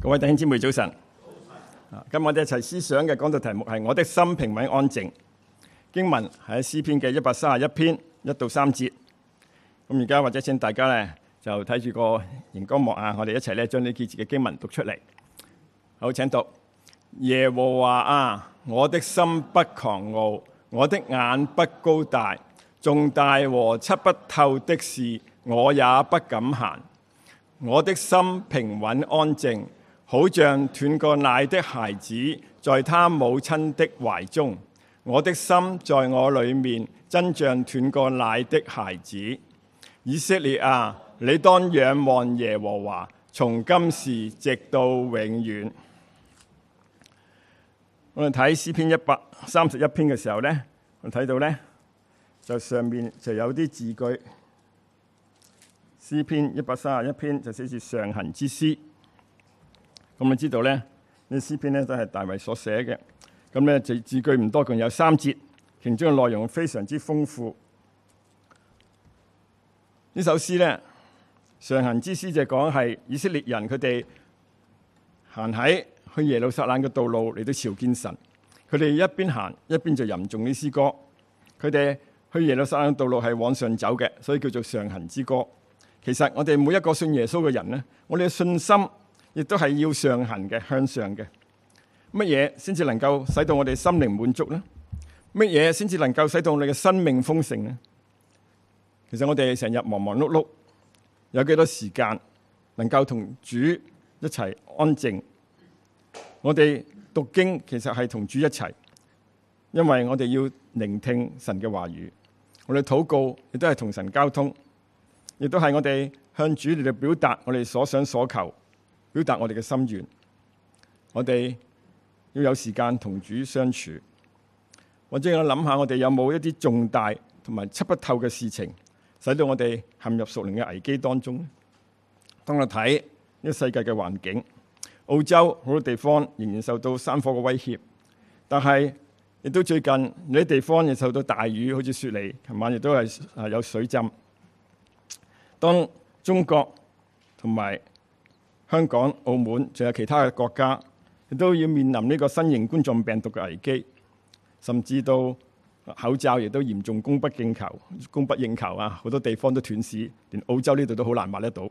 各位弟兄姊妹早晨，今日我哋一齊思想嘅講道題目係我的心平穩安靜。經文喺詩篇嘅一百三十一篇一到三節。咁而家或者請大家咧就睇住個熒光幕啊，我哋一齊咧將呢幾節嘅經文讀出嚟。好，請讀耶和華啊！我的心不狂傲，我的眼不高大，重大和測不透的事，我也不敢行。我的心平穩安靜。好像斷過奶的孩子，在他母親的懷中，我的心在我裏面，真像斷過奶的孩子。以色列啊，你當仰望耶和華，從今時直到永遠。我哋睇詩篇一百三十一篇嘅時候咧，我睇到咧就上面就有啲字句。詩篇一百三十一篇就寫住上行之詩。咁你知道咧，呢詩篇咧都係大衛所寫嘅。咁咧字字句唔多，共有三節。其中嘅內容非常之豐富。首詩呢首詩咧，上行之詩就講講係以色列人佢哋行喺去耶路撒冷嘅道路嚟到朝見神。佢哋一邊行一邊就吟誦呢詩歌。佢哋去耶路撒冷嘅道路係往上走嘅，所以叫做上行之歌。其實我哋每一個信耶穌嘅人咧，我哋嘅信心。亦都係要上行嘅，向上嘅。乜嘢先至能夠使到我哋心靈滿足呢？乜嘢先至能夠使到我哋嘅生命豐盛呢？其實我哋成日忙忙碌碌，有幾多時間能夠同主一齊安靜？我哋讀經其實係同主一齊，因為我哋要聆聽神嘅話語。我哋禱告亦都係同神交通，亦都係我哋向主嚟到表達我哋所想所求。表達我哋嘅心願，我哋要有時間同主相處。或者我諗下，我哋有冇一啲重大同埋測不透嘅事情，使到我哋陷入屬靈嘅危機當中咧？當我睇呢個世界嘅環境，澳洲好多地方仍然受到山火嘅威脅，但係亦都最近有啲地方亦受到大雨，好似雪梨琴晚亦都係啊有水浸。當中國同埋香港、澳門，仲有其他嘅國家，亦都要面臨呢個新型冠狀病毒嘅危機，甚至到口罩亦都嚴重供不應求、供不應求啊！好多地方都斷市，連澳洲呢度都好難買得到。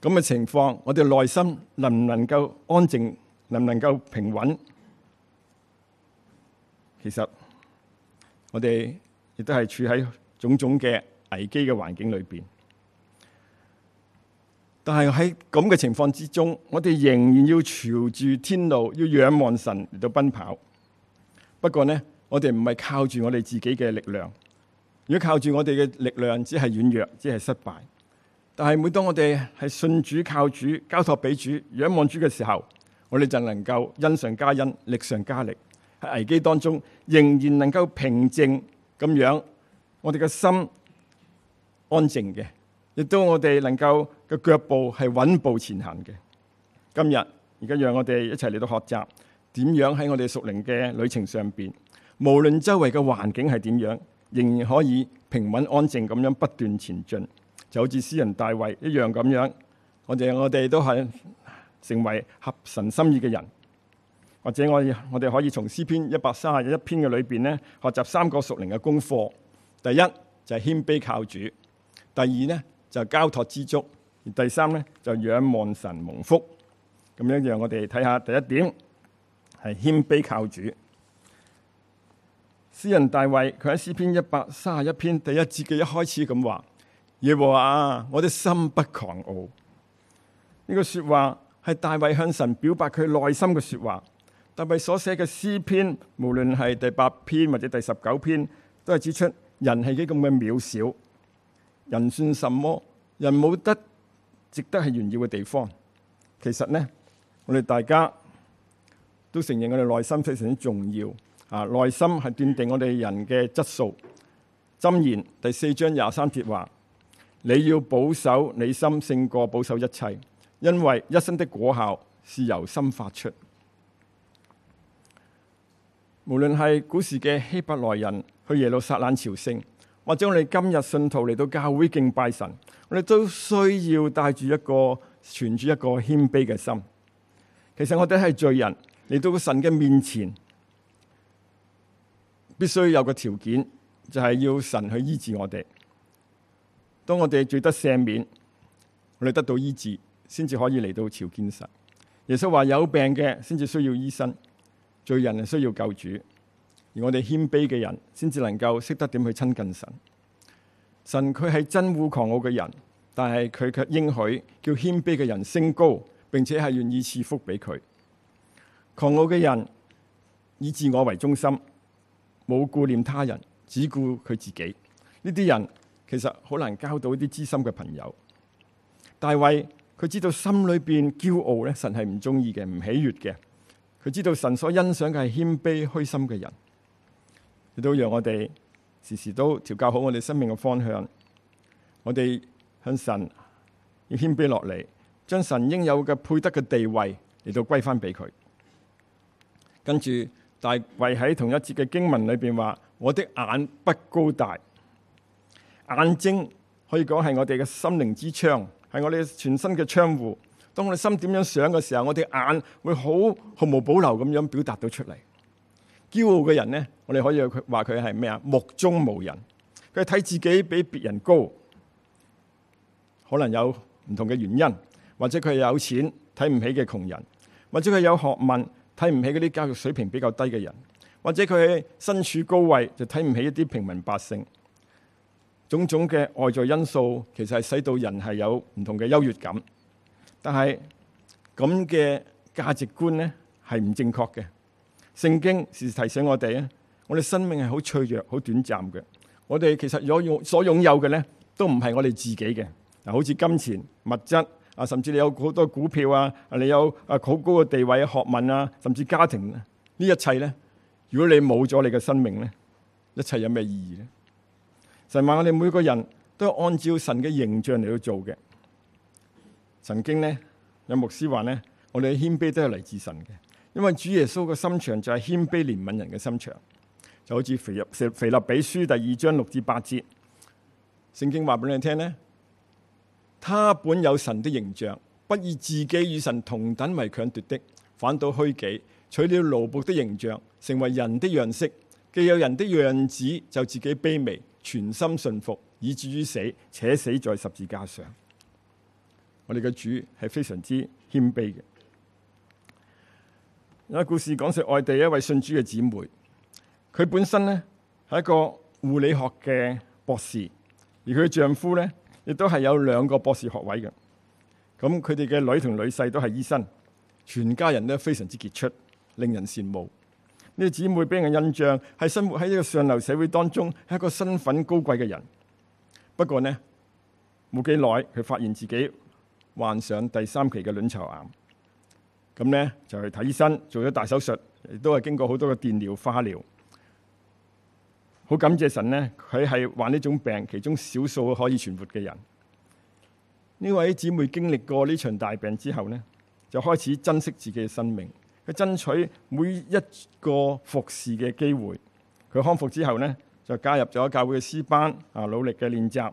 咁嘅情況，我哋內心能唔能夠安靜，能唔能夠平穩？其實我哋亦都係處喺種種嘅危機嘅環境裏面。但係喺咁嘅情況之中，我哋仍然要朝住天路，要仰望神嚟到奔跑。不過呢，我哋唔係靠住我哋自己嘅力量。如果靠住我哋嘅力量，只係軟弱，只係失敗。但係每當我哋係信主、靠主、交託俾主、仰望主嘅時候，我哋就能夠恩上加恩，力上加力。喺危機當中，仍然能夠平靜咁樣，我哋嘅心安靜嘅，亦都我哋能夠。嘅腳步係穩步前行嘅。今日而家讓我哋一齊嚟到學習點樣喺我哋屬靈嘅旅程上邊，無論周圍嘅環境係點樣，仍然可以平穩安靜咁樣不斷前進，就好似詩人大衛一樣咁樣。或者我哋都係成為合神心意嘅人，或者我我哋可以從詩篇一百三十一篇嘅裏邊咧學習三個屬靈嘅功課。第一就係謙卑靠主，第二呢就係交託知足。第三咧就仰望神蒙福，咁樣讓我哋睇下第一點係謙卑靠主。詩人大衛佢喺詩篇一百三十一篇第一節嘅一開始咁話：耶和華，我的心不狂傲。呢個說話係大衛向神表白佢內心嘅說話，大衛所寫嘅詩篇，無論係第八篇或者第十九篇，都係指出人係幾咁嘅渺小，人算什麼？人冇得。值得係炫耀嘅地方，其實呢，我哋大家都承認我哋內心非常之重要。啊，內心係斷定我哋人嘅質素。箴言第四章廿三節話：你要保守你心，勝過保守一切，因為一生的果效是由心發出。無論係古時嘅希伯來人去耶路撒冷朝聖，或者我哋今日信徒嚟到教會敬拜神，我哋都需要帶住一個存住一個謙卑嘅心。其實我哋係罪人嚟到神嘅面前，必須有個條件，就係、是、要神去醫治我哋。當我哋罪得赦免，我哋得到醫治，先至可以嚟到朝見神。耶穌話：有病嘅先至需要醫生，罪人係需要救主。而我哋謙卑嘅人先至能夠識得點去親近神。神佢係憎惡狂傲嘅人，但係佢卻應許叫謙卑嘅人升高，並且係願意賜福俾佢。狂傲嘅人以自我為中心，冇顧念他人，只顧佢自己。呢啲人其實好難交到一啲知心嘅朋友。大衛佢知道心裏邊驕傲咧，神係唔中意嘅，唔喜悅嘅。佢知道神所欣賞嘅係謙卑虛心嘅人。亦都讓我哋時時都調教好我哋生命嘅方向，我哋向神要謙卑落嚟，將神應有嘅配得嘅地位嚟到歸翻俾佢。跟住大衛喺同一節嘅經文裏邊話：我的眼不高大，眼睛可以講係我哋嘅心靈之窗，係我哋全身嘅窗戶。當我哋心點樣想嘅時候，我哋眼會好毫無保留咁樣表達到出嚟。驕傲嘅人呢，我哋可以話佢係咩啊？目中無人，佢睇自己比別人高，可能有唔同嘅原因，或者佢有錢睇唔起嘅窮人，或者佢有學問睇唔起嗰啲教育水平比較低嘅人，或者佢身處高位就睇唔起一啲平民百姓。種種嘅外在因素其實係使到人係有唔同嘅優越感，但係咁嘅價值觀呢，係唔正確嘅。聖經時提醒我哋咧，我哋生命係好脆弱、好短暫嘅。我哋其實所擁所擁有嘅咧，都唔係我哋自己嘅。嗱，好似金錢、物質啊，甚至你有好多股票啊，你有啊好高嘅地位、學問啊，甚至家庭呢一切咧，如果你冇咗你嘅生命咧，一切有咩意義咧？神話我哋每個人都係按照神嘅形象嚟去做嘅。曾經咧，有牧師話咧，我哋嘅謙卑都係嚟自神嘅。因為主耶穌嘅心腸就係謙卑憐憫人嘅心腸，就好似腓入腓立比書第二章六至八節，聖經話俾你聽呢，「他本有神的形象，不以自己與神同等為強奪的，反倒虛己，取了奴僕的形象，成為人的樣式，既有人的樣子，就自己卑微，全心順服，以至於死，且死在十字架上。」我哋嘅主係非常之謙卑嘅。有個故事講述外地一位信主嘅姊妹，佢本身呢係一個護理學嘅博士，而佢丈夫呢亦都係有兩個博士學位嘅。咁佢哋嘅女同女婿都係醫生，全家人都非常之傑出，令人羨慕。呢個姊妹俾人嘅印象係生活喺一個上流社會當中，係一個身份高貴嘅人。不過呢，冇幾耐佢發現自己患上第三期嘅卵巢癌。咁咧就去睇醫生，做咗大手術，亦都係經過好多嘅電療、化療。好感謝神呢，佢係患呢種病，其中少數可以存活嘅人。呢位姊妹經歷過呢場大病之後呢，就開始珍惜自己嘅生命，佢爭取每一個服侍嘅機會。佢康復之後呢，就加入咗教會嘅詩班啊，努力嘅練習，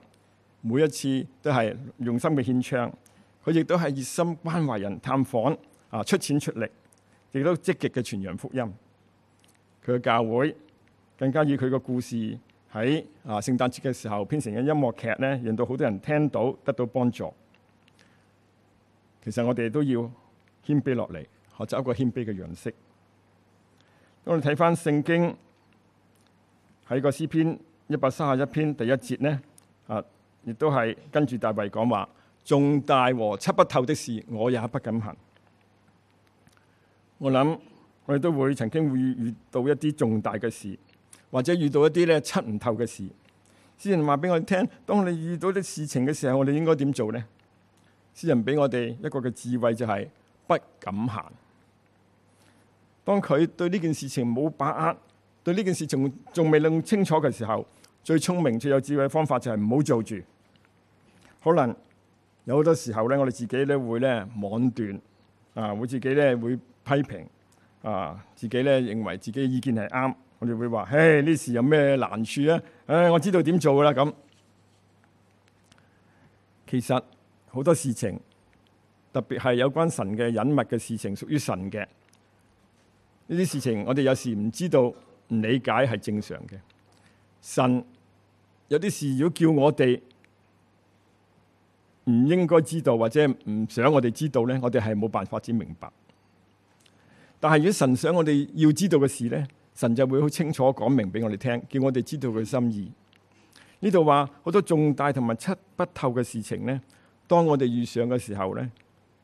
每一次都係用心嘅獻唱。佢亦都係熱心關懷人探訪。啊！出錢出力，亦都積極嘅傳揚福音。佢嘅教會更加以佢嘅故事喺啊聖誕節嘅時候編成嘅音樂劇咧，令到好多人聽到得到幫助。其實我哋都要謙卑落嚟，學習一個謙卑嘅樣式。當我哋睇翻聖經喺個詩篇一百三十一篇第一節呢，啊，亦都係跟住大衛講話：重大和測不透的事，我也不敢行。我諗，我哋都會曾經會遇到一啲重大嘅事，或者遇到一啲咧出唔透嘅事。詩人話俾我聽，當你遇到啲事情嘅時候，我哋應該點做呢？詩人俾我哋一個嘅智慧就係不敢行。當佢對呢件事情冇把握，對呢件事情仲未弄清楚嘅時候，最聰明、最有智慧嘅方法就係唔好做住。可能有好多時候咧，我哋自己咧會咧妄斷啊，會自己咧會。批評啊，自己咧認為自己意見係啱，我哋會話，唉，呢事有咩難處咧？唉、哎，我知道點做啦。咁其實好多事情，特別係有關神嘅隱密嘅事情，屬於神嘅呢啲事情，我哋有時唔知道、唔理解係正常嘅。神有啲事，如果叫我哋唔應該知道或者唔想我哋知道咧，我哋係冇辦法整明白。但係，如果神想我哋要知道嘅事咧，神就會好清楚講明俾我哋聽，叫我哋知道佢心意。呢度話好多重大同埋七不透嘅事情咧，當我哋遇上嘅時候咧，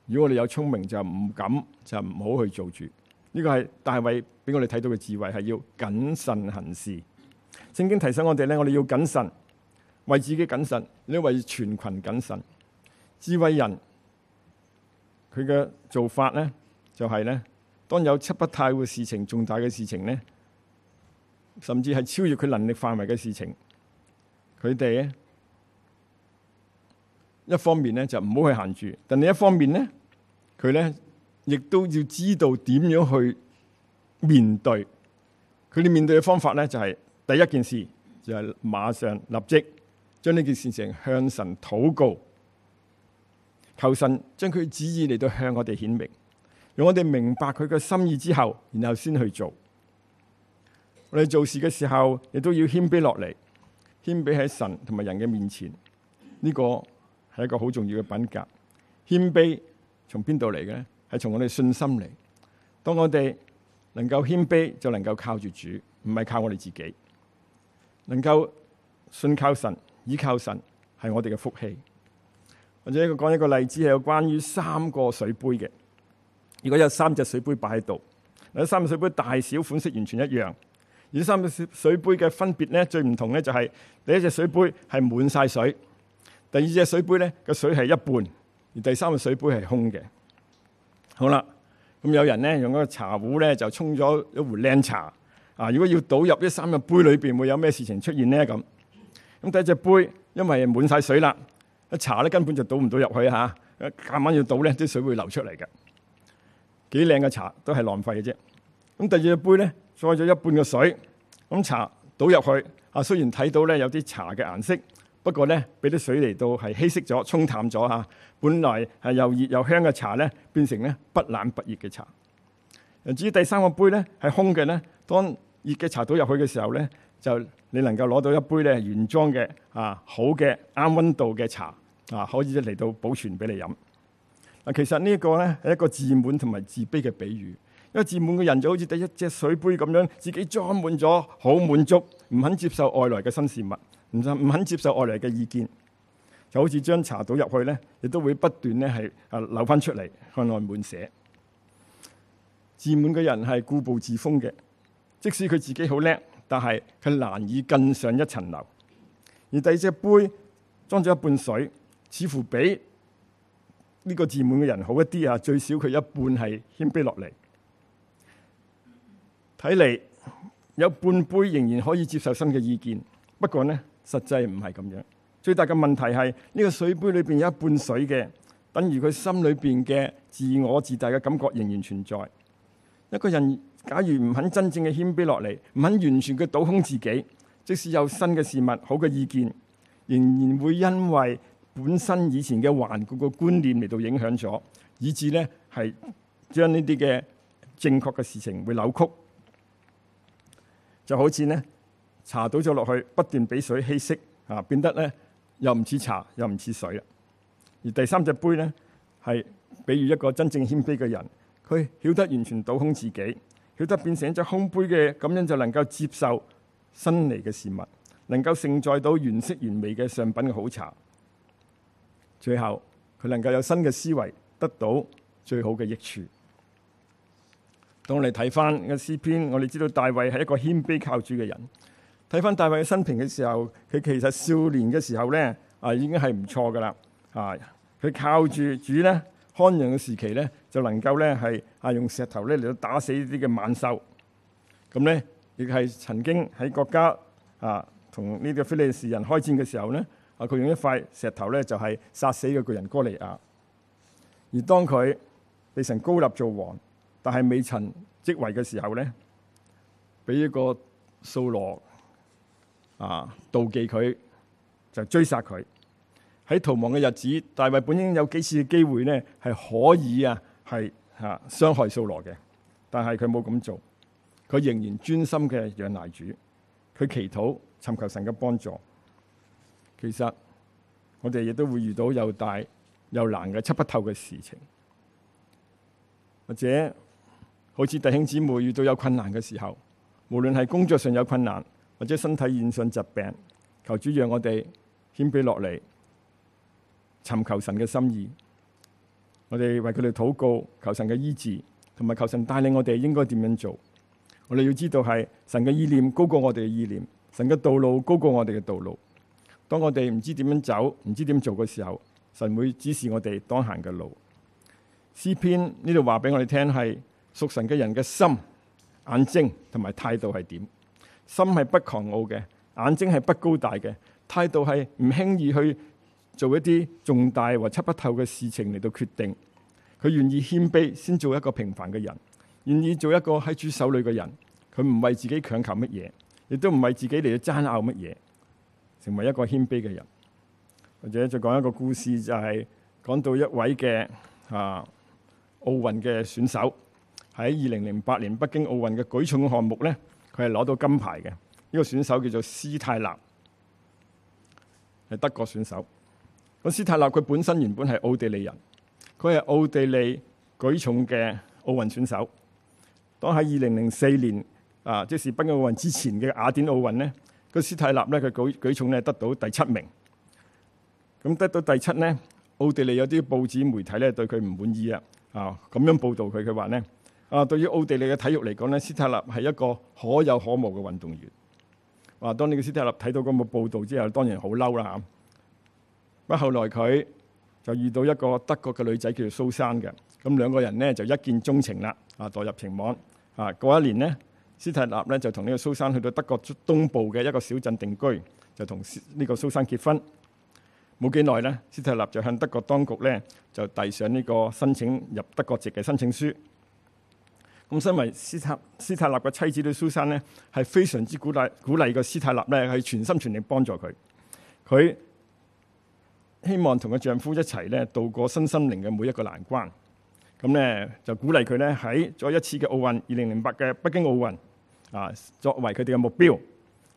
如果我哋有聰明就唔敢，就唔好去做住。呢個係大衛俾我哋睇到嘅智慧，係要謹慎行事。聖經提醒我哋咧，我哋要謹慎，為自己謹慎，呢，為全群謹慎。智慧人佢嘅做法咧，就係咧。當有七不太嘅事、事情，重大嘅事情咧，甚至係超越佢能力範圍嘅事情，佢哋咧一方面咧就唔好去限住，但另一方面咧，佢咧亦都要知道點樣去面對。佢哋面對嘅方法咧就係第一件事就係、是、馬上立即將呢件事情向神禱告，求神將佢嘅旨意嚟到向我哋顯明。用我哋明白佢嘅心意之後，然後先去做。我哋做事嘅時候，亦都要謙卑落嚟，謙卑喺神同埋人嘅面前。呢個係一個好重要嘅品格。謙卑從邊度嚟嘅咧？係從我哋信心嚟。當我哋能夠謙卑，就能夠靠住主，唔係靠我哋自己。能夠信靠神、倚靠神，係我哋嘅福氣。或者一個講一個例子，係有關於三個水杯嘅。如果有三隻水杯擺喺度，嗱，三隻水杯大小款式完全一樣，而三隻水杯嘅分別咧，最唔同咧就係第一隻水杯係滿晒水，第二隻水杯咧，個水係一半，而第三個水杯係空嘅。好啦，咁有人咧用一個茶壺咧就沖咗一壺靚茶啊！如果要倒入呢三隻杯裏邊，會有咩事情出現咧？咁咁第一隻杯因為滿晒水啦，個茶咧根本就倒唔到入去嚇，夾、啊、硬要倒咧，啲水會流出嚟嘅。幾靚嘅茶都係浪費嘅啫。咁第二杯咧，再咗一半嘅水，咁茶倒入去啊，雖然睇到咧有啲茶嘅顏色，不過咧俾啲水嚟到係稀釋咗、沖淡咗啊。本來係又熱又香嘅茶咧，變成咧不冷不熱嘅茶。至於第三個杯咧係空嘅咧，當熱嘅茶倒入去嘅時候咧，就你能夠攞到一杯咧原裝嘅啊好嘅啱溫度嘅茶啊，可以嚟到保存俾你飲。嗱，其實呢一個咧係一個自滿同埋自卑嘅比喻，因為自滿嘅人就好似第一隻水杯咁樣，自己裝滿咗，好滿足，唔肯接受外來嘅新事物，唔唔肯接受外來嘅意見，就好似將茶倒入去咧，亦都會不斷咧係啊流翻出嚟向外滿瀉。自滿嘅人係固步自封嘅，即使佢自己好叻，但係佢難以更上一層樓。而第二隻杯裝咗一半水，似乎比呢個自滿嘅人好一啲啊，最少佢一半係謙卑落嚟。睇嚟有半杯仍然可以接受新嘅意見，不過呢，實際唔係咁樣。最大嘅問題係呢個水杯裏邊有一半水嘅，等於佢心裏邊嘅自我自大嘅感覺仍然存在。一個人假如唔肯真正嘅謙卑落嚟，唔肯完全嘅倒空自己，即使有新嘅事物、好嘅意見，仍然會因為本身以前嘅頑固嘅觀念嚟到影響咗，以致咧係將呢啲嘅正確嘅事情會扭曲，就好似咧茶倒咗落去，不斷俾水稀釋啊，變得咧又唔似茶又唔似水啦。而第三隻杯咧係比喻一個真正謙卑嘅人，佢曉得完全倒空自己，曉得變成一隻空杯嘅，咁樣就能夠接受新嚟嘅事物，能夠盛載到原色原味嘅上品嘅好茶。最後，佢能夠有新嘅思維，得到最好嘅益處。當我哋睇翻嘅詩篇，我哋知道大衛係一個謙卑靠主嘅人。睇翻大衛嘅生平嘅時候，佢其實少年嘅時候咧，啊已經係唔錯噶啦。啊，佢、啊、靠住主咧，看羊嘅時期咧，就能夠咧係啊用石頭咧嚟到打死呢啲嘅猛獸。咁咧，亦係曾經喺國家啊同呢啲非利士人開戰嘅時候咧。啊！佢用一塊石頭咧，就係殺死個巨人哥利亞。而當佢被神高立做王，但係未曾即位嘅時候咧，俾一個掃羅啊妒忌佢，就追殺佢。喺逃亡嘅日子，大衛本應有幾次嘅機會呢，係可以啊，係吓傷害掃羅嘅，但係佢冇咁做，佢仍然專心嘅仰賴主，佢祈禱尋求神嘅幫助。其實我哋亦都會遇到又大又難嘅測不透嘅事情，或者好似弟兄姊妹遇到有困難嘅時候，無論係工作上有困難，或者身體染上疾病，求主讓我哋謙卑落嚟，尋求神嘅心意。我哋為佢哋禱告，求神嘅醫治，同埋求神帶領我哋應該點樣做。我哋要知道係神嘅意念高過我哋嘅意念，神嘅道路高過我哋嘅道路。當我哋唔知點樣走，唔知點做嘅時候，神會指示我哋當行嘅路。詩篇呢度話俾我哋聽，係屬神嘅人嘅心、眼睛同埋態度係點？心係不狂傲嘅，眼睛係不高大嘅，態度係唔輕易去做一啲重大或測不透嘅事情嚟到決定。佢願意謙卑，先做一個平凡嘅人，願意做一個喺主手裏嘅人。佢唔為自己強求乜嘢，亦都唔為自己嚟到爭拗乜嘢。成為一個謙卑嘅人，或者再講一個故事，就係、是、講到一位嘅啊奧運嘅選手，喺二零零八年北京奧運嘅舉重項目呢，佢係攞到金牌嘅。呢、這個選手叫做斯泰納，係德國選手。咁斯泰納佢本身原本係奧地利人，佢係奧地利舉重嘅奧運選手。當喺二零零四年啊，即、就是北京奧運之前嘅雅典奧運呢。個斯泰納咧，佢舉舉重咧得到第七名。咁得到第七呢，奧地利有啲報紙媒體咧對佢唔滿意啊！啊，咁樣報導佢，佢話呢啊，對於奧地利嘅體育嚟講呢，斯泰納係一個可有可無嘅運動員。話、啊、當你個斯泰納睇到嗰個報導之後，當然好嬲啦嚇。不、啊、過後來佢就遇到一個德國嘅女仔叫做蘇珊嘅，咁兩個人呢，就一見鍾情啦，啊墮入情網。啊，過一年呢。斯泰納咧就同呢個蘇珊去到德國東部嘅一個小鎮定居，就同呢個蘇珊結婚。冇幾耐咧，斯泰納就向德國當局咧就遞上呢個申請入德國籍嘅申請書。咁身為斯泰斯泰納嘅妻子嘅蘇珊呢，係非常之鼓勵鼓勵個斯泰納咧，係全心全力幫助佢。佢希望同個丈夫一齊咧度過身心靈嘅每一個難關。咁咧就鼓勵佢咧喺再一次嘅奧運，二零零八嘅北京奧運。啊，作為佢哋嘅目標，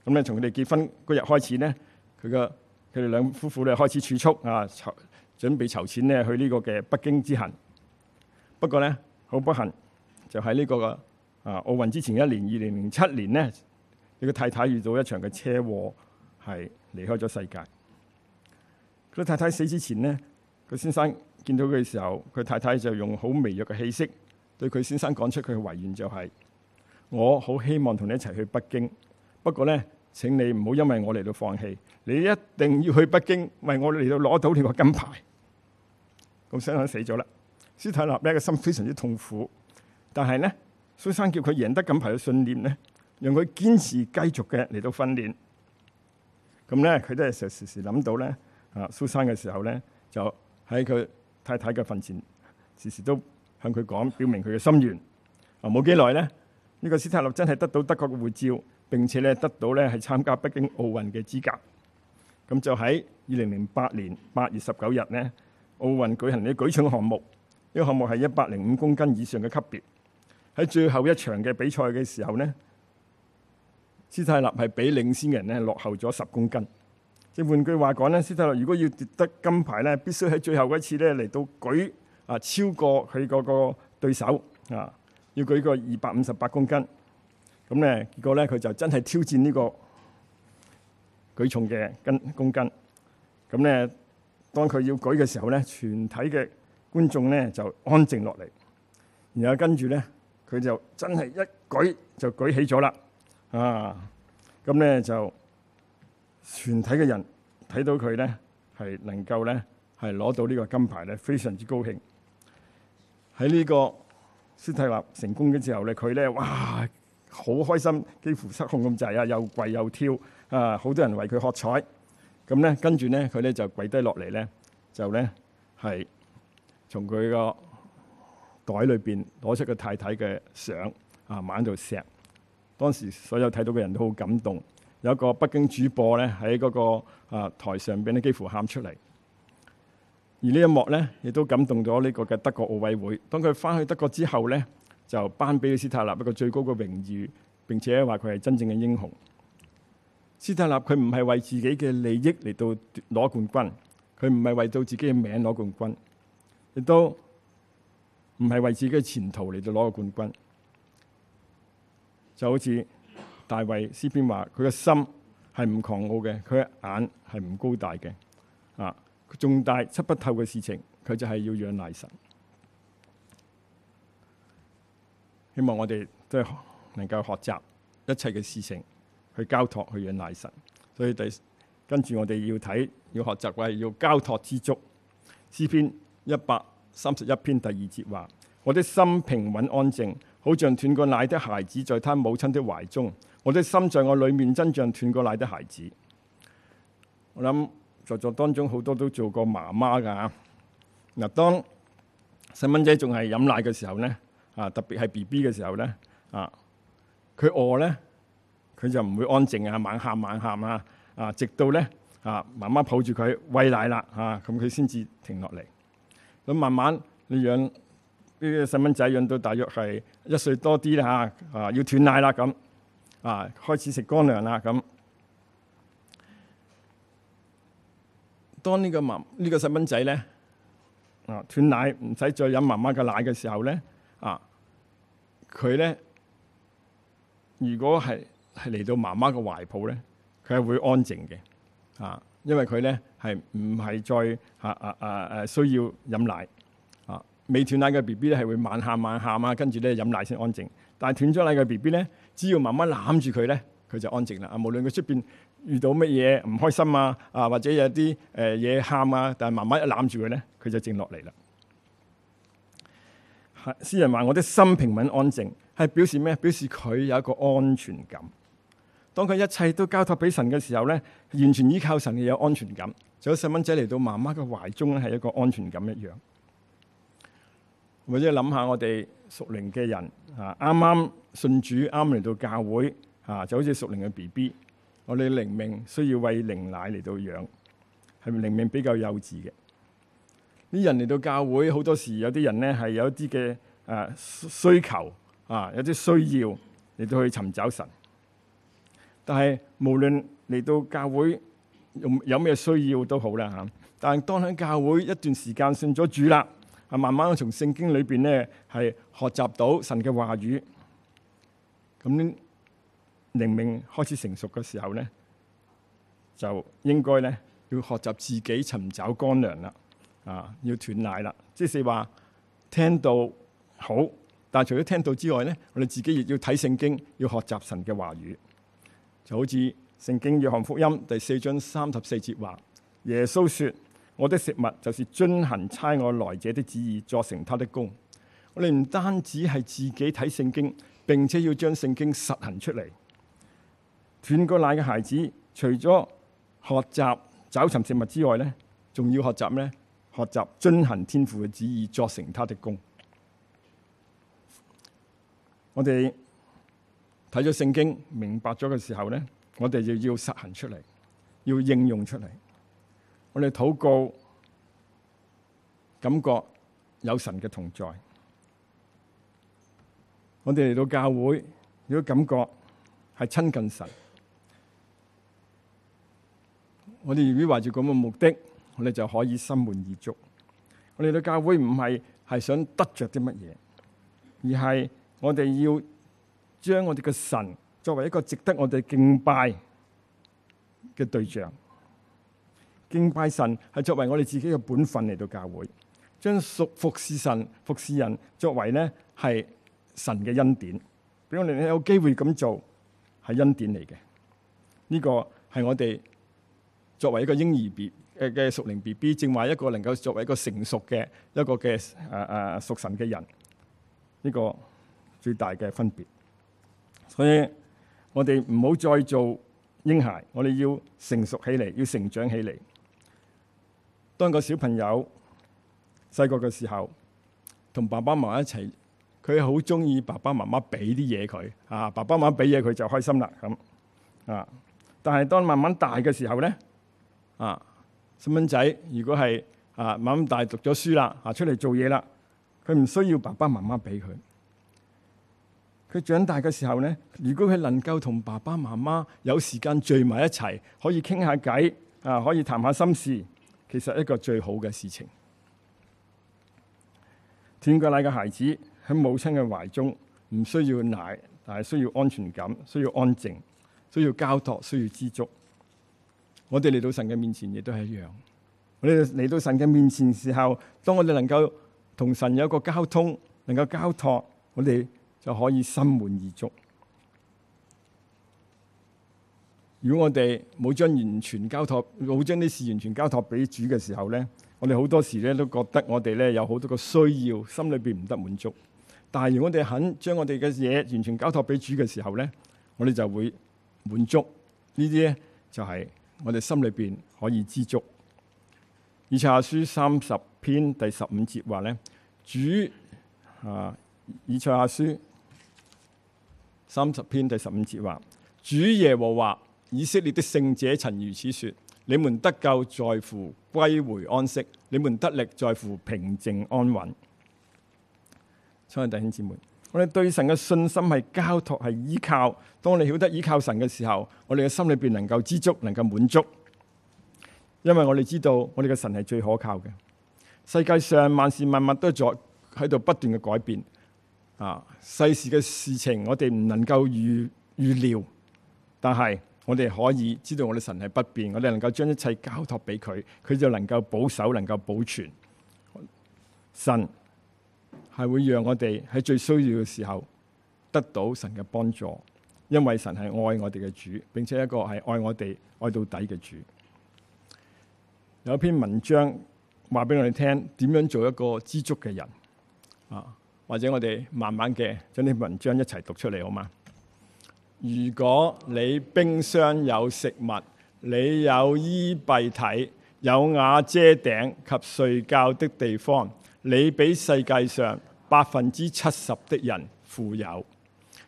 咁咧從佢哋結婚嗰日開始咧，佢個佢哋兩夫婦咧開始儲蓄啊，籌準備籌錢咧去呢個嘅北京之行。不過咧，好不幸就喺呢個啊奧運之前一年，二零零七年咧，佢嘅太太遇到一場嘅車禍，係離開咗世界。佢太太死之前咧，佢先生見到佢嘅時候，佢太太就用好微弱嘅氣息對佢先生講出佢嘅遺願，就係。我好希望同你一齊去北京，不過咧，請你唔好因為我嚟到放棄。你一定要去北京，為我嚟到攞到你個金牌。咁蘇珊死咗啦，斯泰納呢個心非常之痛苦，但係咧，蘇珊叫佢贏得金牌嘅信念咧，讓佢堅持繼續嘅嚟到訓練。咁咧，佢都係時時時諗到咧啊。蘇珊嘅時候咧，就喺佢太太嘅墳前，時時都向佢講，表明佢嘅心願啊。冇幾耐咧。呢個斯泰納真係得到德國嘅護照，並且咧得到咧係參加北京奧運嘅資格。咁就喺二零零八年八月十九日呢，奧運舉行嘅舉重項目，呢個項目係一百零五公斤以上嘅級別。喺最後一場嘅比賽嘅時候呢，斯泰納係比領先人咧落後咗十公斤。即係換句話講呢，斯泰納如果要奪得金牌呢，必須喺最後一次咧嚟到舉啊超過佢嗰個對手啊。要舉個二百五十八公斤，咁咧，結果咧，佢就真係挑戰呢個舉重嘅斤公斤。咁咧，當佢要舉嘅時候咧，全體嘅觀眾咧就安靜落嚟。然後跟住咧，佢就真係一舉就舉起咗啦。啊，咁咧就全體嘅人睇到佢咧係能夠咧係攞到呢個金牌咧，非常之高興。喺呢個。先睇立成功嘅時候咧，佢咧哇好開心，幾乎失控咁滯啊，又跪又跳啊！好多人為佢喝彩。咁咧跟住咧，佢咧就跪低落嚟咧，就咧係從佢個袋裏邊攞出個太太嘅相啊，猛度錫。當時所有睇到嘅人都好感動，有一個北京主播咧喺嗰個啊台上邊咧，幾乎喊出嚟。而呢一幕咧，亦都感動咗呢個嘅德國奧委會。當佢翻去德國之後咧，就頒俾斯泰納一個最高嘅榮譽，並且話佢係真正嘅英雄。斯泰納佢唔係為自己嘅利益嚟到攞冠軍，佢唔係為到自己嘅名攞冠軍，亦都唔係為自己嘅前途嚟到攞個冠軍。就好似大衛詩篇話：佢嘅心係唔狂傲嘅，佢嘅眼係唔高大嘅。啊！重大、測不透嘅事情，佢就係要仰賴神。希望我哋都係能夠學習一切嘅事情，去交託去仰賴神。所以第跟住我哋要睇，要學習話要交託知足。詩篇一百三十一篇第二節話：我的心平穩安靜，好像斷過奶的孩子在他母親的懷中。我的心在我裏面，真像斷過奶的孩子。我諗。在座當中好多都做過媽媽㗎嚇。嗱，當細蚊仔仲係飲奶嘅時候咧，啊，特別係 BB 嘅時候咧，啊，佢餓咧，佢就唔會安靜啊，猛喊猛喊啊，啊，直到咧，啊，媽媽抱住佢餵奶啦，嚇，咁佢先至停落嚟。咁慢慢你養呢個細蚊仔，養到大約係一歲多啲啦嚇，啊，要斷奶啦咁，啊，開始食乾糧啦咁。當呢個媽，呢個細蚊仔咧，啊，斷奶唔使，再飲媽媽嘅奶嘅時候咧，啊，佢咧，如果係係嚟到媽媽嘅懷抱咧，佢係會安靜嘅。啊，因為佢咧，係唔係再啊、啊、啊、啊需要飲奶。啊，未斷奶嘅 B B 咧，係會猛喊猛喊啊，跟住咧，飲奶先安靜。但係斷咗奶嘅 B B 咧，只要媽媽攬住佢咧，佢就安靜啦。啊，無論佢出邊。遇到乜嘢唔開心啊？啊，或者有啲誒嘢喊啊，但係媽媽一攬住佢咧，佢就靜落嚟啦。詩人話：我的心平穩安靜，係表示咩？表示佢有一個安全感。當佢一切都交託俾神嘅時候咧，完全依靠神嘅有安全感，就好似細蚊仔嚟到媽媽嘅懷中咧，係一個安全感一樣。或者諗下我哋屬靈嘅人啊，啱啱信主，啱嚟到教會啊，就好似屬靈嘅 BB。我哋靈命需要餵靈奶嚟到養，係咪靈命比較幼稚嘅。啲人嚟到教會，好多時有啲人咧，係有一啲嘅誒需求啊，有啲需要嚟到去尋找神。但係無論嚟到教會有有咩需要都好啦吓、啊，但係當喺教會一段時間信咗主啦，啊慢慢從聖經裏邊咧，係學習到神嘅話語，咁。靈命開始成熟嘅時候咧，就應該咧要學習自己尋找乾糧啦，啊，要斷奶啦。即是話聽到好，但除咗聽到之外咧，我哋自己亦要睇聖經，要學習神嘅話語。就好似聖經約翰福音第四章三十四節話：耶穌說，我的食物就是遵行差我來者的旨意，作成他的工。我哋唔單止係自己睇聖經，並且要將聖經實行出嚟。斷過奶嘅孩子，除咗學習找尋食物之外咧，仲要學習咧，學習遵行天父嘅旨意，作成他的功。我哋睇咗聖經，明白咗嘅時候咧，我哋就要實行出嚟，要應用出嚟。我哋禱告，感覺有神嘅同在。我哋嚟到教會，如果感覺係親近神。我哋如果懷住咁嘅目的，我哋就可以心滿意足。我哋嚟教會唔係係想得着啲乜嘢，而係我哋要將我哋嘅神作為一個值得我哋敬拜嘅對象。敬拜神係作為我哋自己嘅本分嚟到教會，將屬服侍神、服侍人作為咧係神嘅恩典。俾我哋有機會咁做，係恩典嚟嘅。呢、這個係我哋。作為一個嬰兒 B 嘅嘅熟齡 B B，正話一個能夠作為一個成熟嘅一個嘅啊啊屬神嘅人，呢個最大嘅分別。所以我哋唔好再做嬰孩，我哋要成熟起嚟，要成長起嚟。當個小朋友細個嘅時候，同爸爸媽媽一齊，佢好中意爸爸媽媽俾啲嘢佢啊。爸爸媽媽俾嘢佢就開心啦。咁啊，但係當慢慢大嘅時候咧。啊，細蚊仔，如果係啊慢慢大讀咗書啦，啊出嚟做嘢啦，佢唔需要爸爸媽媽俾佢。佢長大嘅時候呢，如果佢能夠同爸爸媽媽有時間聚埋一齊，可以傾下偈，啊可以談下心事，其實係一個最好嘅事情。斷過奶嘅孩子喺母親嘅懷中，唔需要奶，但係需要安全感，需要安靜，需要交託，需要知足。我哋嚟到神嘅面前，亦都係一樣。我哋嚟到神嘅面前時候，當我哋能夠同神有一個交通，能夠交託，我哋就可以心滿意足。如果我哋冇將完全交託，冇將啲事完全交託俾主嘅時候咧，我哋好多時咧都覺得我哋咧有好多個需要，心裏邊唔得滿足。但係如果我哋肯將我哋嘅嘢完全交託俾主嘅時候咧，我哋就會滿足呢啲咧就係、是。我哋心裏邊可以知足。以賽亞書三十篇第十五節話咧，主啊，以賽亞書三十篇第十五節話，主耶和華以色列的聖者曾如此說：你們得救在乎歸回安息，你們得力在乎平靜安穩。親愛的弟兄姊妹。我哋對神嘅信心係交託，係依靠。當我哋曉得依靠神嘅時候，我哋嘅心裏面能夠知足，能夠滿足。因為我哋知道，我哋嘅神係最可靠嘅。世界上萬事萬物都在喺度不斷嘅改變，啊，世事嘅事情我哋唔能夠預預料，但係我哋可以知道我哋神係不變。我哋能夠將一切交託俾佢，佢就能夠保守，能夠保存神，係會讓我哋喺最需要嘅時候得到神嘅幫助，因為神係愛我哋嘅主，並且一個係愛我哋愛到底嘅主。有一篇文章話俾我哋聽，點樣做一個知足嘅人啊？或者我哋慢慢嘅將啲文章一齊讀出嚟，好嗎？如果你冰箱有食物，你有衣蔽體，有瓦遮頂及睡覺的地方，你比世界上百分之七十的人富有。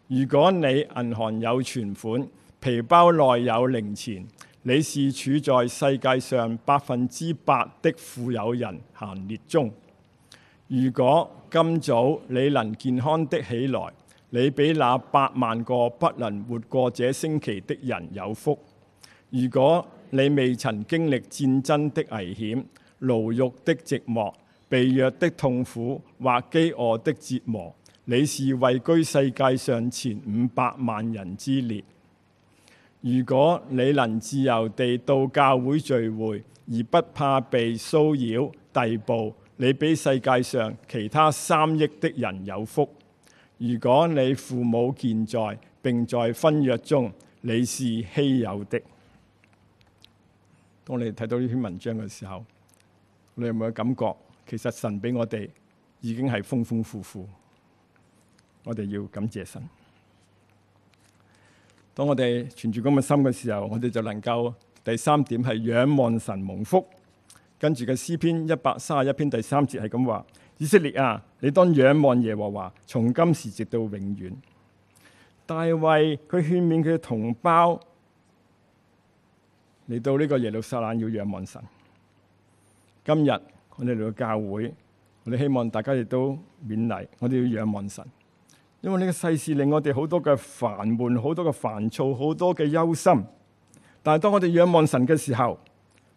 如果你銀行有存款，皮包內有零錢，你是處在世界上百分之八的富有人行列中。如果今早你能健康的起來，你比那百萬個不能活過這星期的人有福。如果你未曾經歷戰爭的危險、牢獄的寂寞，被虐的痛苦，或饑餓的折磨，你是位居世界上前五百萬人之列。如果你能自由地到教會聚會，而不怕被騷擾、逮捕，你比世界上其他三億的人有福。如果你父母健在，並在婚約中，你是稀有的。當你睇到呢篇文章嘅時候，你有冇感覺？其實神俾我哋已經係豐豐富富，我哋要感謝神。當我哋存住咁嘅心嘅時候，我哋就能夠第三點係仰望神蒙福。跟住嘅詩篇一百三十一篇第三節係咁話：以色列啊，你當仰望耶和華，從今時直到永遠。大衛佢勸勉佢嘅同胞嚟到呢個耶路撒冷要仰望神。今日。我哋嚟到教會，我哋希望大家亦都勉勵，我哋要仰望神。因為呢個世事令我哋好多嘅煩悶，好多嘅煩躁，好多嘅憂心。但係當我哋仰望神嘅時候，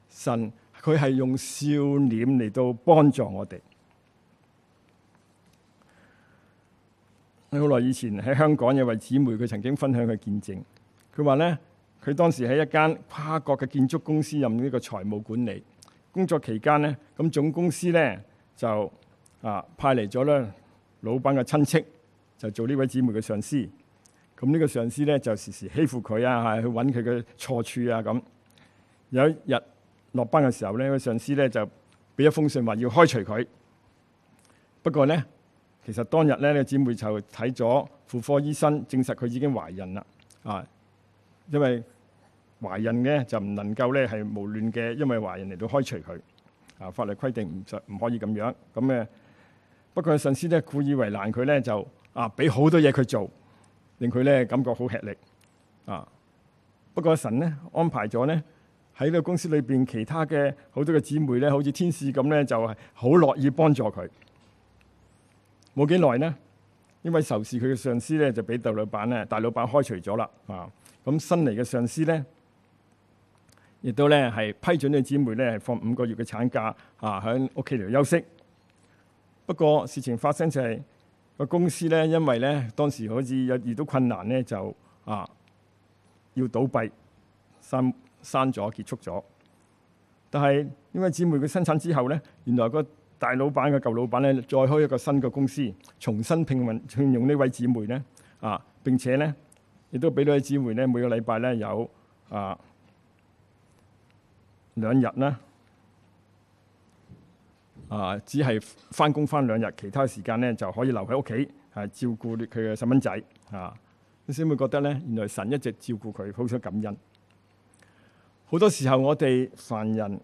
神佢係用笑臉嚟到幫助我哋。喺好耐以前喺香港有位姊妹，佢曾經分享嘅見證，佢話咧佢當時喺一間跨國嘅建築公司任呢個財務管理。工作期間咧，咁總公司咧就啊派嚟咗咧老闆嘅親戚，就做呢位姊妹嘅上司。咁呢個上司咧就時時欺負佢啊，去搵佢嘅錯處啊咁。有一日落班嘅時候咧，個上司咧就俾一封信話要開除佢。不過咧，其實當日咧，呢個姊妹就睇咗婦科醫生，證實佢已經懷孕啦。啊，因為。懷孕嘅就唔能夠咧係無亂嘅，因為懷孕嚟到開除佢啊！法例規定唔唔可以咁樣。咁嘅不過上司咧故意為難佢咧，就啊俾好多嘢佢做，令佢咧感覺好吃力啊！不過阿神咧安排咗咧喺個公司裏面其他嘅好多嘅姊妹咧，好似天使咁咧，就係好樂意幫助佢。冇幾耐呢，呢位仇視佢嘅上司咧就俾豆老闆咧大老闆開除咗啦啊！咁新嚟嘅上司咧。亦都咧係批准你姊妹咧係放五個月嘅產假，嚇喺屋企嚟休息。不過事情發生就係、是、個公司咧，因為咧當時好似有遇到困難咧，就啊要倒閉、刪刪咗、結束咗。但係呢位姊妹嘅生產之後咧，原來個大老闆嘅舊老闆咧再開一個新嘅公司，重新聘用聘用呢位姊妹咧啊，並且咧亦都俾到位姊妹咧每個禮拜咧有啊。兩日啦，啊，只係翻工翻兩日，其他時間咧就可以留喺屋企，係照顧佢嘅細蚊仔啊，你先、啊、會覺得呢，原來神一直照顧佢，好想感恩。好多時候我哋凡人，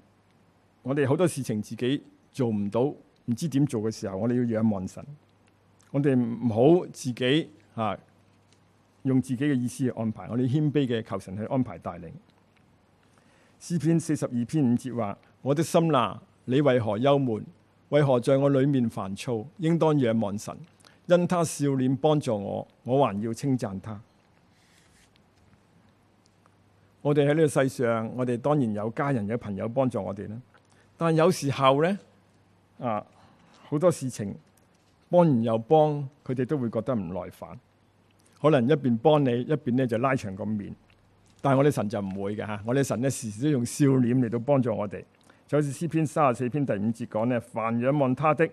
我哋好多事情自己做唔到，唔知點做嘅時候，我哋要仰望神，我哋唔好自己吓、啊、用自己嘅意思去安排，我哋謙卑嘅求神去安排帶領。詩篇四十二篇五節話：我的心哪，你為何憂悶？為何在我裏面煩躁？應當仰望神，因他笑臉幫助我，我還要稱讚他。我哋喺呢個世上，我哋當然有家人、有朋友幫助我哋啦。但有時候呢，啊，好多事情幫完又幫，佢哋都會覺得唔耐煩。可能一邊幫你，一邊呢就拉長個面。但係我哋神就唔會嘅吓，我哋神咧，時時都用笑臉嚟到幫助我哋，就好似詩篇三十四篇第五節講咧，凡仰望他的，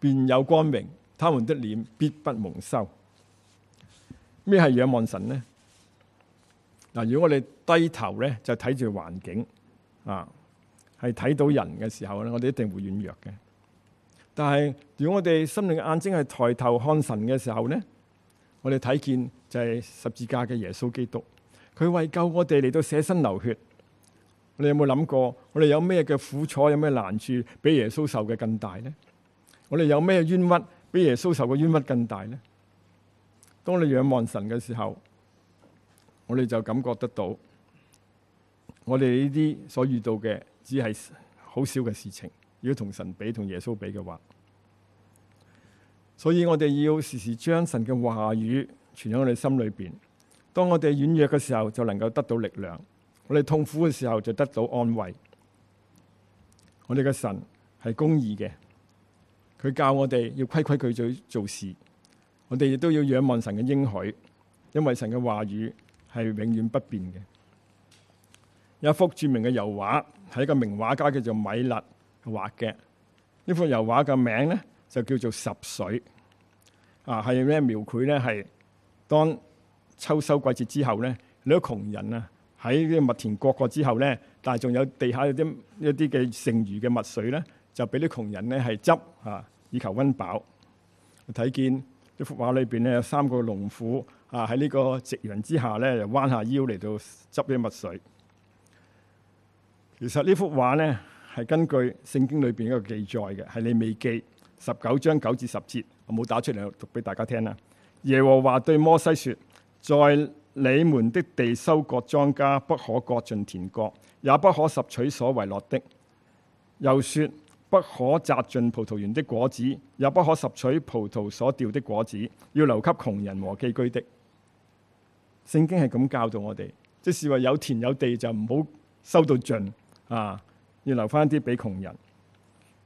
便有光明；他們的臉必不蒙羞。咩係仰望神呢？嗱，如果我哋低頭咧，就睇住環境啊，係睇到人嘅時候咧，我哋一定會軟弱嘅。但係如果我哋心靈嘅眼睛係抬頭看神嘅時候咧，我哋睇見就係十字架嘅耶穌基督。佢為救我哋嚟到捨身流血，你有冇諗過我哋有咩嘅苦楚，有咩難處，比耶穌受嘅更大呢？我哋有咩冤屈，比耶穌受嘅冤屈更大呢？當你仰望神嘅時候，我哋就感覺得到，我哋呢啲所遇到嘅只係好少嘅事情，如果同神比、同耶穌比嘅話，所以我哋要時時將神嘅話語存喺我哋心裏邊。當我哋軟弱嘅時候，就能夠得到力量，我哋痛苦嘅時候就得到安慰。我哋嘅神係公義嘅，佢教我哋要規規矩矩做事，我哋亦都要仰望神嘅應許，因為神嘅話語係永遠不變嘅。有一幅著名嘅油畫係一個名畫家叫做米勒畫嘅，呢幅油畫嘅名咧就叫做《十水》。啊，係咩描繪咧？係當。秋收季節之後咧，呢啲窮人啊喺呢啲麥田割過之後咧，但係仲有地下有啲一啲嘅剩餘嘅麥水咧，就俾啲窮人咧係執啊，以求溫飽。睇見一幅畫裏邊咧有三個農婦啊，喺呢個夕陽之下咧，就彎下腰嚟到執啲麥水。其實呢幅畫咧係根據聖經裏邊一個記載嘅，係《利未記》十九章九至十節，我冇打出嚟讀俾大家聽啊。耶和華對摩西說：在你們的地收割莊稼，不可割盡田角，也不可拾取所遺落的。又說，不可摘盡葡萄園的果子，也不可拾取葡萄所掉的果子，要留給窮人和寄居的。聖經係咁教導我哋，即、就係話有田有地就唔好收到盡啊，要留返啲畀窮人。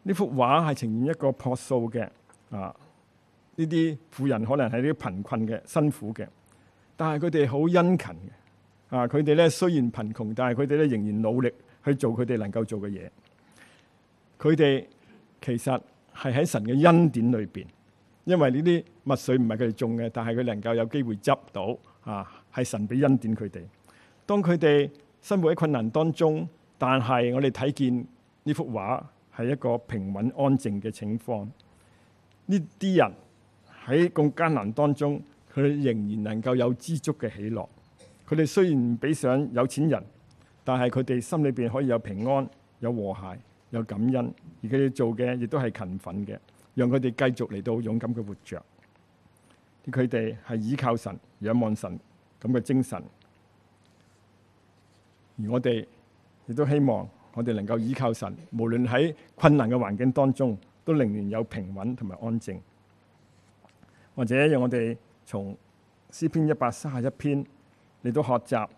呢幅畫係呈現一個樸素嘅啊，呢啲富人可能係啲貧困嘅、辛苦嘅。但係佢哋好殷勤嘅，啊！佢哋咧雖然貧窮，但係佢哋咧仍然努力去做佢哋能夠做嘅嘢。佢哋其實係喺神嘅恩典裏邊，因為呢啲麥穗唔係佢哋種嘅，但係佢能夠有機會執到，啊！係神俾恩典佢哋。當佢哋生活喺困難當中，但係我哋睇見呢幅畫係一個平穩安靜嘅情況。呢啲人喺咁艱難當中。佢哋仍然能夠有知足嘅喜樂，佢哋雖然比上有錢人，但係佢哋心裏面可以有平安、有和諧、有感恩，而佢哋做嘅亦都係勤奮嘅，讓佢哋繼續嚟到勇敢嘅活着。佢哋係倚靠神、仰望神咁嘅精神，而我哋亦都希望我哋能夠倚靠神，無論喺困難嘅環境當中，都仍然有平穩同埋安靜，或者讓我哋。從詩篇一百三十一篇嚟到學習，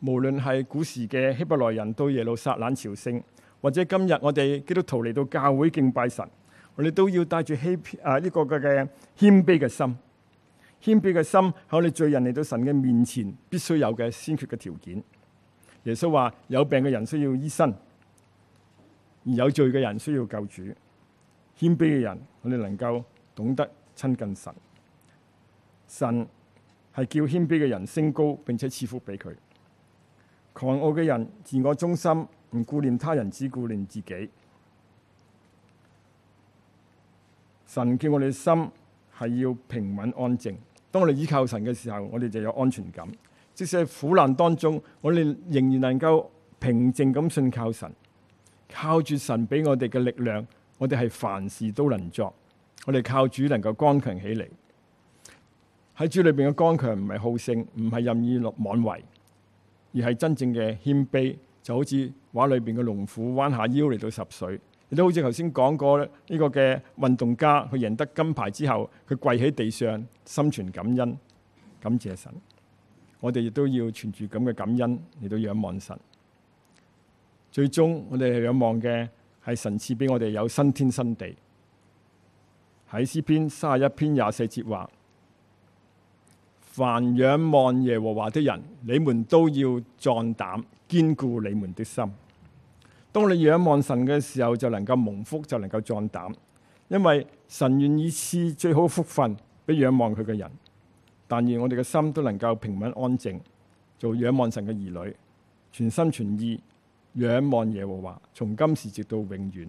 無論係古時嘅希伯來人到耶路撒冷朝聖，或者今日我哋基督徒嚟到教會敬拜神，我哋都要帶住謙啊呢個嘅嘅謙卑嘅心，謙卑嘅心喺我哋罪人嚟到神嘅面前必須有嘅先決嘅條件。耶穌話：有病嘅人需要醫生，而有罪嘅人需要救主。謙卑嘅人，我哋能夠懂得親近神。神係叫謙卑嘅人升高，並且賜福俾佢。狂傲嘅人、自我中心、唔顧念他人、只顧念自己。神叫我哋心係要平穩安靜。當我哋依靠神嘅時候，我哋就有安全感。即使喺苦難當中，我哋仍然能夠平靜咁信靠神。靠住神俾我哋嘅力量，我哋係凡事都能作。我哋靠主能夠剛強起嚟。喺主裏邊嘅剛強唔係好勝，唔係任意落妄為，而係真正嘅謙卑。就好似畫裏邊嘅農夫彎下腰嚟到拾穗，亦都好似頭先講過呢個嘅運動家，佢贏得金牌之後，佢跪喺地上，心存感恩，感謝神。我哋亦都要存住咁嘅感恩嚟到仰望神。最終我哋係仰望嘅係神賜俾我哋有新天新地。喺詩篇三十一篇廿四節話。凡仰望耶和華的人，你們都要壯膽，堅固你們的心。當你仰望神嘅時候，就能夠蒙福，就能夠壯膽，因為神願意賜最好福分俾仰望佢嘅人。但願我哋嘅心都能夠平穩安靜，做仰望神嘅兒女，全心全意仰望耶和華，從今時直到永遠。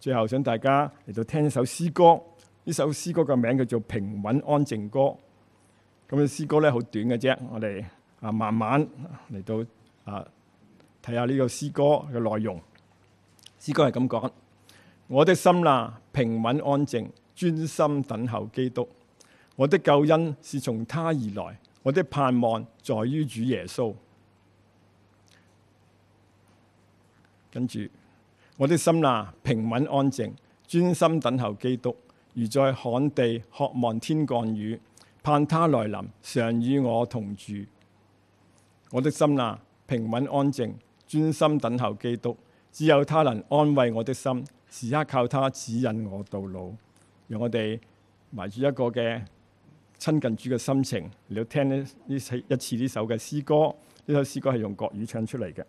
最後，想大家嚟到聽一首詩歌，呢首詩歌嘅名叫做《平穩安靜歌》。咁嘅詩歌咧，好短嘅啫。我哋啊，慢慢嚟到啊，睇下呢個詩歌嘅內容。詩歌係咁講：我的心啊，平穩安靜，專心等候基督。我的救恩是從他而來，我的盼望在於主耶穌。跟住，我的心啊，平穩安靜，專心等候基督，如在旱地渴望天降雨。盼他來臨，常與我同住。我的心啊，平穩安靜，專心等候基督。只有他能安慰我的心，時刻靠他指引我到老。讓我哋懷住一個嘅親近主嘅心情，嚟到聽呢呢一一次呢首嘅詩歌。呢首詩歌係用國語唱出嚟嘅。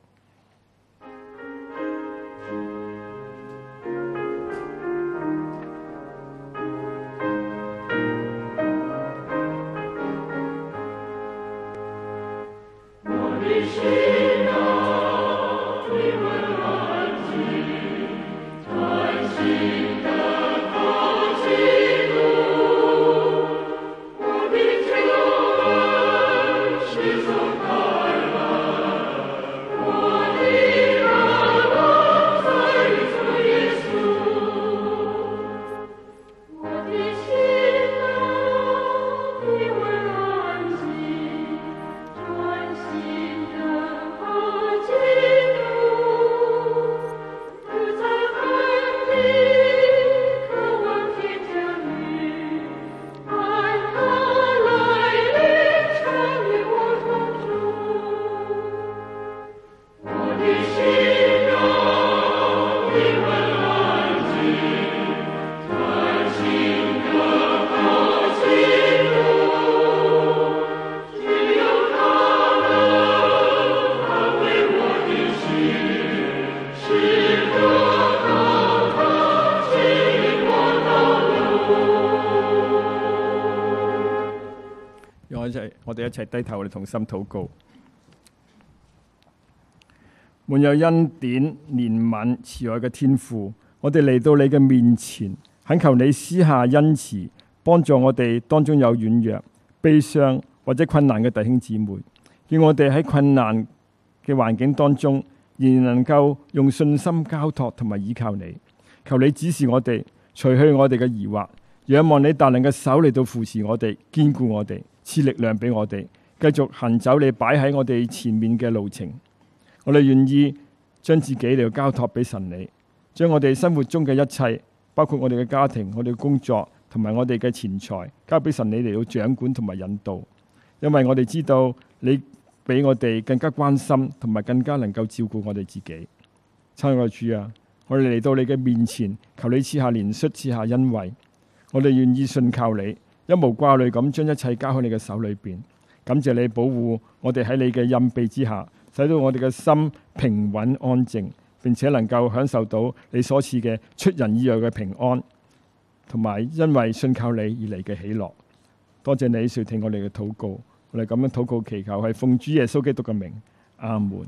我哋一齊低頭，我哋同心禱告。滿有恩典、憐憫、慈愛嘅天父，我哋嚟到你嘅面前，懇求你私下恩慈，幫助我哋當中有軟弱、悲傷或者困難嘅弟兄姊妹。叫我哋喺困難嘅環境當中，仍然能夠用信心交託同埋依靠你。求你指示我哋，除去我哋嘅疑惑，仰望你大量嘅手嚟到扶持我哋，堅固我哋。賜力量俾我哋，繼續行走你擺喺我哋前面嘅路程。我哋願意將自己嚟到交託俾神你，將我哋生活中嘅一切，包括我哋嘅家庭、我哋嘅工作同埋我哋嘅錢財，交俾神你嚟到掌管同埋引導。因為我哋知道你比我哋更加關心，同埋更加能夠照顧我哋自己。親愛主啊，我哋嚟到你嘅面前，求你賜下憐恤，賜下恩惠。我哋願意信靠你。一無掛慮咁將一切交喺你嘅手裏邊，感謝你保護我哋喺你嘅蔭庇之下，使到我哋嘅心平穩安靜，並且能夠享受到你所賜嘅出人意料嘅平安，同埋因為信靠你而嚟嘅喜樂。多謝你垂聽我哋嘅禱告，我哋咁樣禱告祈求，係奉主耶穌基督嘅名，阿門。